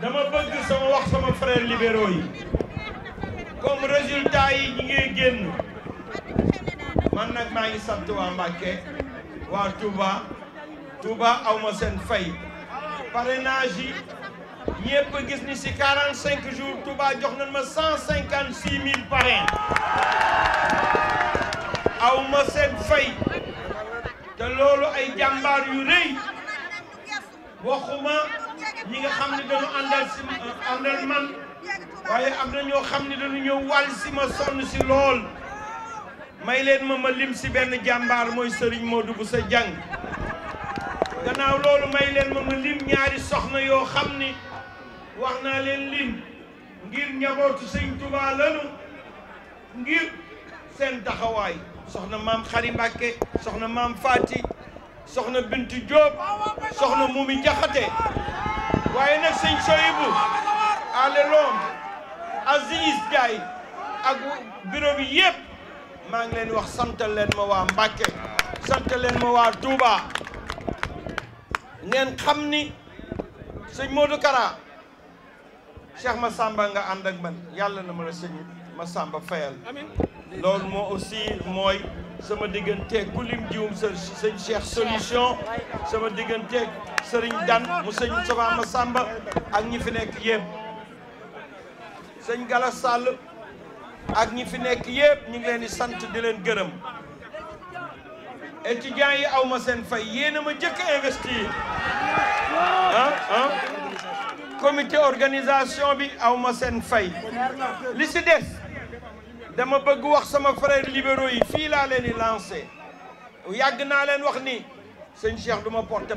dama bëgg sama wax sama frère libéraux yi comme résultat yi ñi ngi génn man nag maa ngi sant waa Mbacké waa Touba Touba awma seen fay parrainage yi gis ni si 45 jours Touba jox nañ ma 156 000 parrains fay te loolu ay jàmbaar yu rëy waxuma ñi nga xam ne dañu àndal si àndal man waaye am na ñoo xam ne dañu ñëw wàll si ma sonn si lool may leen ma ma lim si benn jàmbaar mooy Serigne Modou Bousso Dieng gannaaw loolu may leen ma ma lim ñaari soxna yoo xam ni wax naa leen lim ngir njabootu sëñ Tuubaa ngir seen taxawaay soxna maam Xari Mbàkke soxna maam Faati soxna Bintu Diop soxna Mumi Jaxate waaye nag sëñ Soyibu ale loom Aziz Gaay ak bureau bi yëpp maa ngi leen wax santal ma waa Mbàkke santal leen ma waa Touba ngeen xam ni sëñ Modou Kara ma sàmba nga ànd ak man yàlla na ma la sëñ Massamba fayal loolu moo aussi mooy sama diggante ku lim jiwum sëñ Cheikh solution sama digganteeg sëriñ Dan mu sëñ Moustapha Massamba ak ñi fi nekk yëpp sëñ Gala sàll ak ñi fi nekk yëpp ñu ngi leen di sant di leen gërëm étudiants yi aw ma seen fay yéen a ma jëkk investir ah ah comité organisation bi aw ma seen fay li si des dama bëgg wax sama frère libéraux yi fii laa leen di lancé yàgg naa leen wax ni sëñ Cheikh du ma porter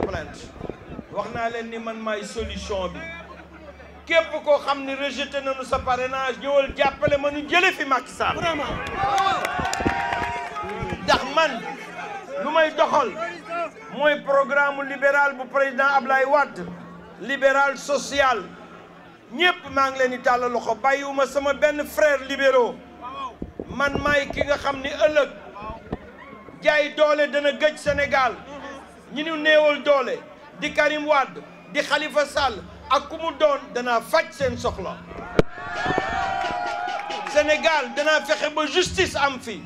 wax naa leen ni man may solution bi képp koo xam ne rejeté nañu sa parrainage ñëwal jàppale ma nu jële fi Macky Sall man lu may doxal mooy programme libéral bu président Ablaye Wade libéral social ñëpp maa ngi leen di tàllal loxo bàyyiwuma sama benn frère libéraux man maay ki nga xam ni ëllëg jaay doole dana gëj senegaal ñi ñu neewal doole di Karim Wade di xalifa sàll ak ku mu doon danaa faj seen soxla Sénégal danaa fexe ba justice am fi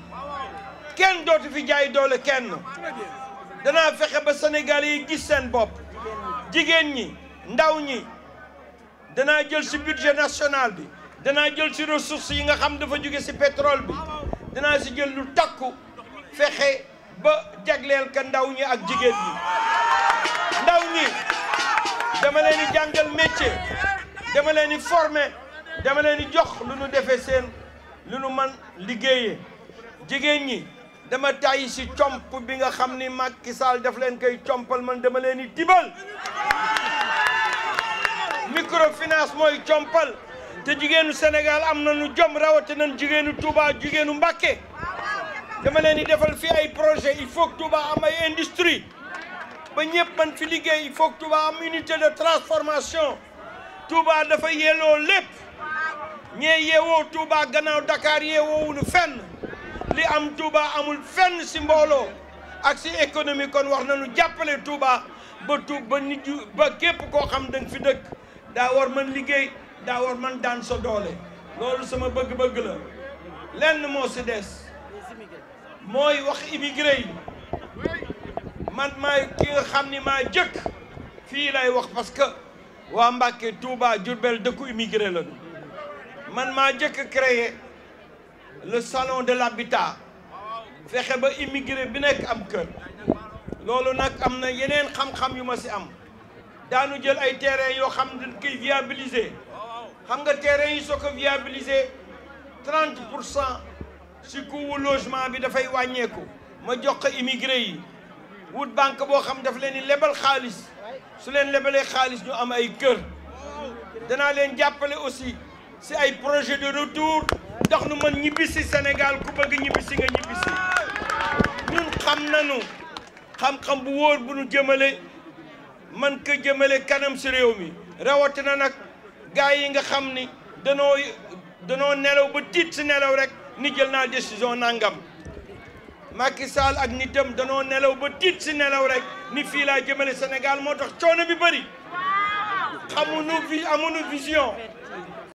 kenn dootu fi jaay doole kenn danaa fexe ba senegaal yi gis seen bopp jigéen ñi ndaw ñi danaa jël ci budget national bi danaa jël ci ressources yi nga xam dafa jóge ci petrol bi danaa ci jël lu takku fexe ba jagleel ka ndaw ñi ak jigéen ñi ndaw ñi dama leen di dama leen di former dama leen di jox lu nu defee seen lu nu man liggéeyee jigéen ñi dama tàyyi ci comp bi nga xam ni Macky Sall daf leen koy compal man dama leen di tibal microfinance mooy compal te jigéenu Sénégal am na nu jom rawatina jigéenu Touba jigéenu Mbacké dama leen di defal fi ay projet il foog que Touba am ay ba ñëpp man fi liggéey il faut que Touba am unité de transformation Touba dafa yelloo lépp ñee yeewoo Touba gannaaw Dakar yeewoowuñu fenn li am Touba amul fenn si mbooloo ak si économie kon wax nañu jàppale Touba ba tu ba nit ba képp koo xam danga fi dëkk daa war man liggéey daa war man daan sa doole loolu sama bëgg-bëgg la lenn moo si des mooy wax immigré yi man maay ki nga xam ni maa jëkk fii lay wax parce que waa Mbàkke Touba Diourbel dëkku immigré la man maa jëkk créer le salon de l'habitat fexe ba immigré bi nekk am kër loolu nag am na yeneen xam-xam yu ma si am daa nu jël ay terrain yoo xam dañ koy viabiliser xam nga terrain yi soo ko viabiliser trente pour cent si coût logement bi dafay wàññeeku ma jox ko immigré yi wut banque boo xam daf leen di lebal xaalis su leen lebalee xaalis ñu am ay kër danaa leen jàppale aussi si ay projet de retour ndax nu mën ñibbisi Sénégal ku bëgg ñibbisi nga ñibbisi ñun xam nañu xam-xam bu wóor bu nu jëmale man ko jëmale kanam si réew mi rawatina nag gars yi nga xam ni danoo danoo nelaw ba tiit si nelaw rek ni jël naa décision nangam Macky Sall ak nitam danoo nelaw ba tiit si nelaw rek ni fii laa jëmale Sénégal moo tax coono bi bëri xamuñu vi amuñu vision